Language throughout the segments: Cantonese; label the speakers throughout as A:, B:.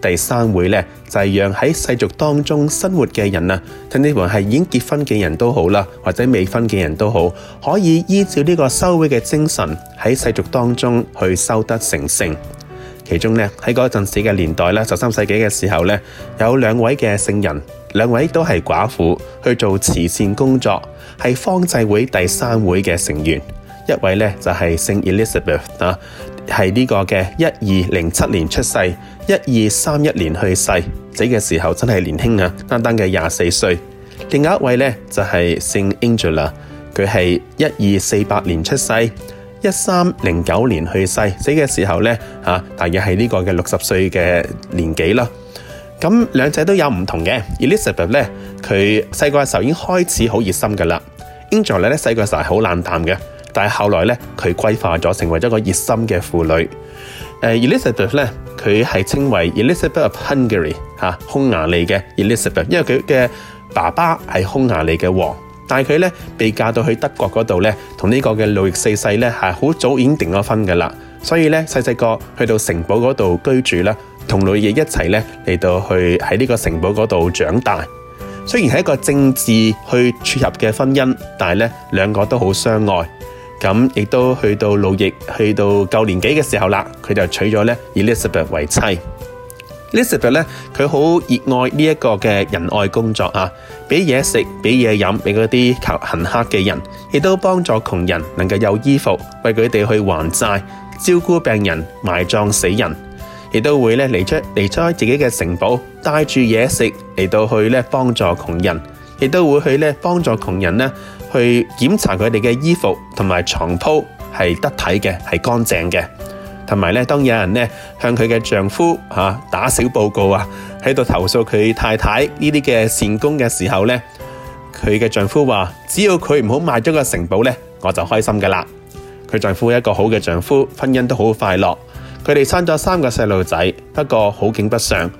A: 第三會咧，就係、是、讓喺世俗當中生活嘅人啊，甚至係已經結婚嘅人都好啦，或者未婚嘅人都好，可以依照呢個修會嘅精神喺世俗當中去修德成聖。其中咧喺嗰陣時嘅年代咧，十三世紀嘅時候咧，有兩位嘅聖人，兩位都係寡婦去做慈善工作，係方濟會第三會嘅成員，一位咧就係、是、聖 Elizabeth 啊。係呢個嘅一二零七年出世，一二三一年去世，死嘅時候真係年輕啊，單單嘅廿四歲。另外一位咧就係 g e l a 佢係一二四八年出世，一三零九年去世，死嘅時候咧吓、啊、大約係呢個嘅六十歲嘅年紀啦。咁兩者都有唔同嘅，Elizabeth 咧佢細個嘅時候已經開始好熱心噶啦，angel 咧細個嘅時候係好冷淡嘅。但係後來咧，佢規化咗，成為咗個熱心嘅婦女。Elizabeth 咧，佢係稱為 Elizabeth of Hungary 嚇、啊、匈牙利嘅 Elizabeth，因為佢嘅爸爸係匈牙利嘅王。但係佢咧被嫁到去德國嗰度咧，同呢個嘅路易四世咧係好早已經訂咗婚噶啦。所以咧細細個去到城堡嗰度居住啦，同路易一齊咧嚟到去喺呢個城堡嗰度長大。雖然係一個政治去切入嘅婚姻，但係咧兩個都好相愛。咁亦都去到路易，去到夠年紀嘅時候啦，佢就娶咗咧以 Elizabeth 為妻。Elizabeth 咧，佢好熱愛呢一個嘅仁愛工作啊，俾嘢食，俾嘢飲，俾嗰啲求行乞嘅人，亦都幫助窮人能夠有衣服，為佢哋去還債，照顧病人，埋葬死人，亦都會咧離出離開自己嘅城堡，帶住嘢食嚟到去咧幫助窮人，亦都會去咧幫助窮人咧。去檢查佢哋嘅衣服同埋床鋪係得體嘅，係乾淨嘅。同埋咧，當有人咧向佢嘅丈夫嚇、啊、打小報告啊，喺度投訴佢太太呢啲嘅善功嘅時候咧，佢嘅丈夫話：只要佢唔好賣咗個城堡咧，我就開心㗎喇。佢丈夫係一個好嘅丈夫，婚姻都好快樂。佢哋生咗三個細路仔，不過好景不常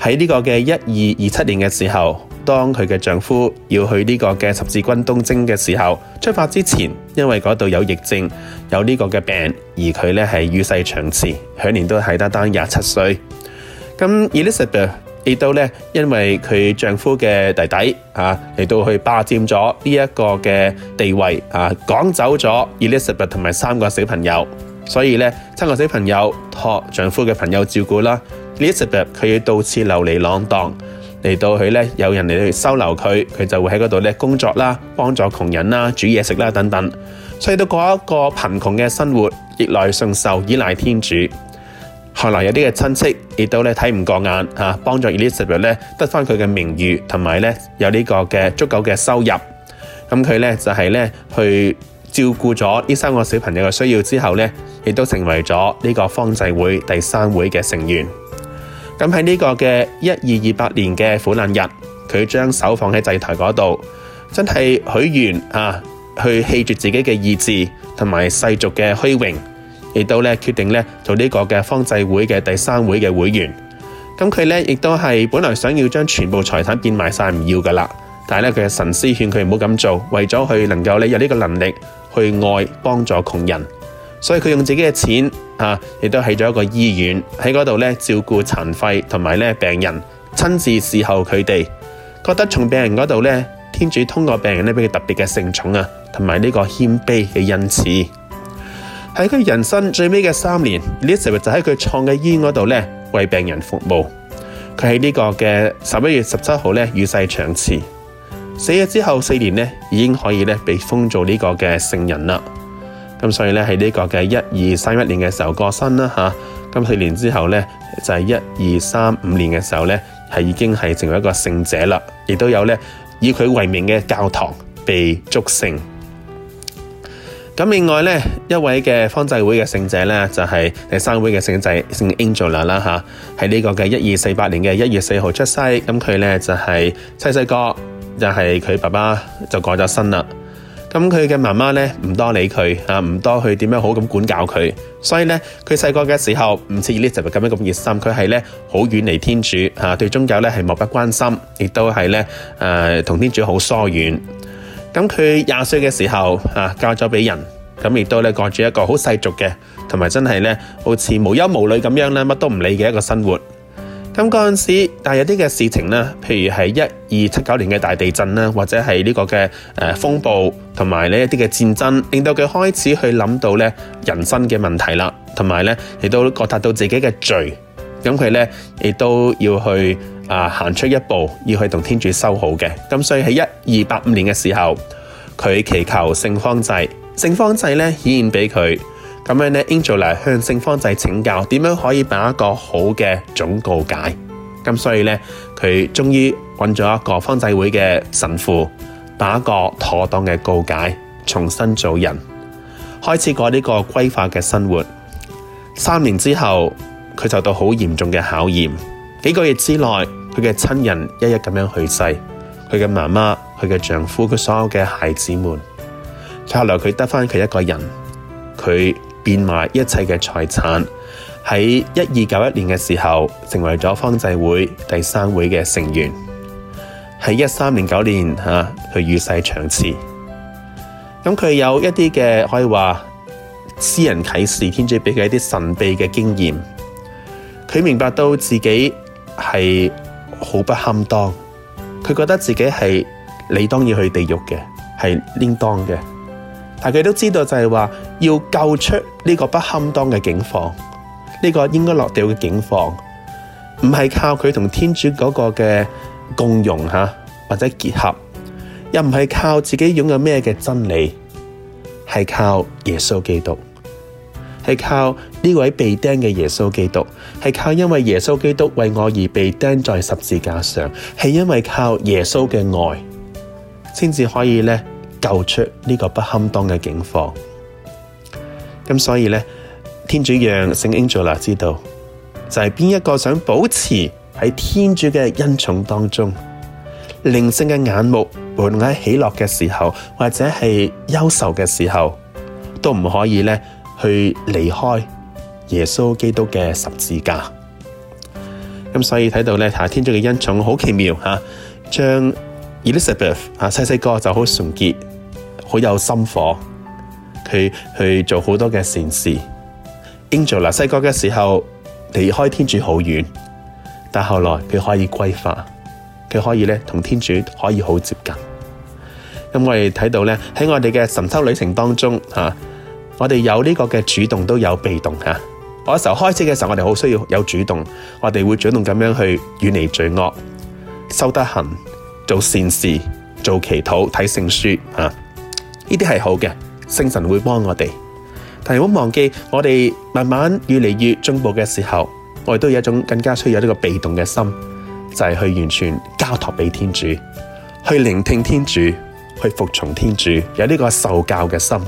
A: 喺呢個嘅一二二七年嘅時候。當佢嘅丈夫要去呢個嘅十字軍東征嘅時候，出發之前，因為嗰度有疫症，有呢個嘅病，而佢咧係與世長辭，享年都係得單廿七歲。咁 Elizabeth 亦都咧，因為佢丈夫嘅弟弟啊嚟到去霸占咗呢一個嘅地位啊，趕走咗 Elizabeth 同埋三個小朋友，所以咧，三個小朋友託丈夫嘅朋友照顧啦。Elizabeth 佢要到處流離浪蕩。嚟到佢咧，有人嚟去收留佢，佢就會喺嗰度咧工作啦，幫助窮人啦，煮嘢食啦等等，所以到嗰一個貧窮嘅生活，逆來順受，依賴天主。後來有啲嘅親戚亦都咧睇唔過眼嚇，幫、啊、助 Elisabeth 咧得翻佢嘅名譽，同埋咧有呢有個嘅足夠嘅收入。咁佢咧就係、是、咧去照顧咗呢三個小朋友嘅需要之後咧，亦都成為咗呢個方濟會第三會嘅成員。咁喺呢個嘅一二二八年嘅苦難日，佢將手放喺祭台嗰度，真係許願啊，去棄絕自己嘅意志同埋世俗嘅虛榮，亦都咧決定咧做呢個嘅方濟會嘅第三會嘅會員。咁佢咧亦都係本來想要將全部財產變賣曬唔要噶啦，但係咧佢嘅神師勸佢唔好咁做，為咗佢能夠咧有呢個能力去愛幫助窮人。所以佢用自己嘅錢啊，亦都起咗一個醫院喺嗰度咧，照顧殘廢同埋咧病人，親自侍候佢哋。覺得從病人嗰度咧，天主通過病人咧俾佢特別嘅聖寵啊，同埋呢個謙卑嘅恩賜。喺佢人生最尾嘅三年，伊撒伯爾就喺佢創嘅醫院嗰度咧為病人服務。佢喺呢個嘅十一月十七號咧與世長辭。死咗之後四年咧，已經可以咧被封做呢個嘅聖人啦。咁所以呢，喺呢個嘅一二三一年嘅時候過身啦吓，咁、啊、四年之後呢，就係一二三五年嘅時候呢，係已經係成為一個聖者啦，亦都有咧以佢為名嘅教堂被祝聖。咁另外呢，一位嘅方濟會嘅聖者呢，就係、是、第三會嘅聖仔，聖 Angela 啦、啊、吓，喺呢個嘅一二四八年嘅一月四號出世，咁佢咧就係細細個就係、是、佢爸爸就過咗身啦。咁佢嘅媽媽呢，唔多理佢，唔多去點樣好咁管教佢，所以呢，佢細個嘅時候唔似伊撒伯爾咁樣咁熱心，佢係呢，好遠離天主，對宗教呢係漠不關心，亦都係呢，同天主好疏遠。咁佢廿歲嘅時候啊，嫁咗俾人，咁亦都呢，過住一個細的的好世俗嘅，同埋真係呢，好似無憂無慮咁樣呢，乜都唔理嘅一個生活。咁嗰時，但有啲嘅事情啦，譬如係一二七九年嘅大地震啦，或者係呢個嘅誒、呃、風暴，同埋呢一啲嘅戰爭，令到佢開始去諗到呢人生嘅問題啦，同埋呢，亦都覺察到自己嘅罪，咁佢呢，亦都要去啊行出一步，要去同天主修好嘅。咁所以喺一二八五年嘅時候，佢祈求聖方濟。聖方濟呢咧顯現俾佢。咁樣呢，安琪拉嚟向聖方濟請教，點樣可以辦一個好嘅總告解？咁所以呢，佢終於揾咗一個方濟會嘅神父，辦一個妥當嘅告解，重新做人，開始過呢個歸化嘅生活。三年之後，佢受到好嚴重嘅考驗，幾個月之內，佢嘅親人一一咁樣去世，佢嘅媽媽、佢嘅丈夫、佢所有嘅孩子們，再後來佢得返佢一個人，佢。變賣一切嘅財產，喺一二九一年嘅時候，成為咗方濟會第三會嘅成員。喺一三零九年吓，佢與世長辭。咁佢有一啲嘅可以說私人啟示，天主俾佢一啲神秘嘅經驗，佢明白到自己係好不堪當，佢覺得自己係理當要去地獄嘅，係應當嘅。但佢都知道，就係話要救出呢個不堪當嘅境況，呢、這個應該落掉嘅境況，唔係靠佢同天主嗰個嘅共融或者結合，又唔係靠自己擁有咩嘅真理，係靠耶穌基督，係靠呢位被釘嘅耶穌基督，係靠因為耶穌基督為我而被釘在十字架上，係因為靠耶穌嘅愛，先至可以呢，救出呢個不堪當嘅境況，咁所以咧，天主讓聖安琪拉知道，就係、是、邊一個想保持喺天主嘅恩寵當中，靈性嘅眼目無論喺喜樂嘅時候或者係憂愁嘅時候，都唔可以咧去離開耶穌基督嘅十字架。咁所以睇到咧，天主嘅恩寵好奇妙吓，將 Elizabeth 啊，細細個就好純潔。好有心火，佢去做好多嘅善事。Angela，嗱，細個嘅時候離開天主好遠，但係後來佢可以歸化，佢可以咧同天主可以好接近。咁、嗯、我哋睇到咧喺我哋嘅神修旅程當中吓、啊，我哋有呢個嘅主動，都有被動吓、啊。我嘅時候開始嘅時候，我哋好需要有主動，我哋會主動咁樣去遠離罪惡，修德行，做善事，做祈禱，睇聖書啊。呢啲是好嘅，聖神會幫我哋，但是唔好忘記，我哋慢慢越嚟越進步嘅時候，我哋都有一種更加需要呢個被動嘅心，就是去完全交託畀天主，去聆聽天主，去服從天主，有呢個受教嘅心。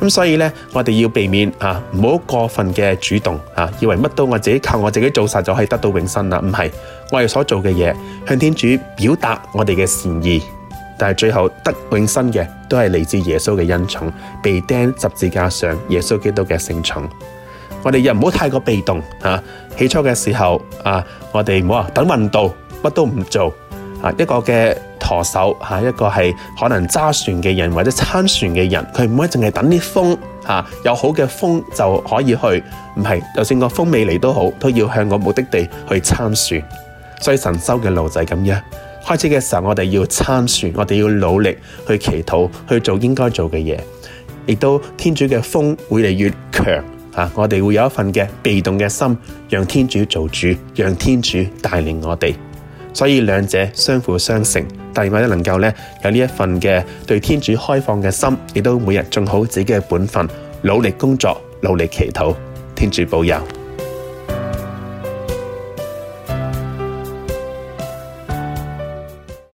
A: 咁所以呢，我哋要避免啊，唔好過分嘅主動啊，以為乜都我自己靠我自己做晒就可以得到永生啦，唔係，我哋所做嘅嘢向天主表達我哋嘅善意。但係最後得永生嘅，都係嚟自耶穌嘅恩寵，被釘十字架上耶穌基督嘅聖寵。我哋又唔好太過被動吓、啊，起初嘅時候啊，我哋唔好啊等運道，乜都唔做啊一個嘅舵手吓，一個係、啊、可能揸船嘅人或者撐船嘅人，佢唔可以淨係等啲風吓、啊，有好嘅風就可以去，唔係就算個風未嚟都好，都要向個目的地去撐船。所以神修嘅路就係咁樣。開始嘅時候，我哋要參選，我哋要努力去祈禱，去做應該做嘅嘢，亦都天主嘅風會越嚟越強，我哋會有一份嘅被動嘅心，讓天主做主，讓天主帶領我哋，所以兩者相輔相成。但係我哋能夠有呢一份嘅對天主開放嘅心，亦都每日做好自己嘅本分，努力工作，努力祈禱，天主保佑。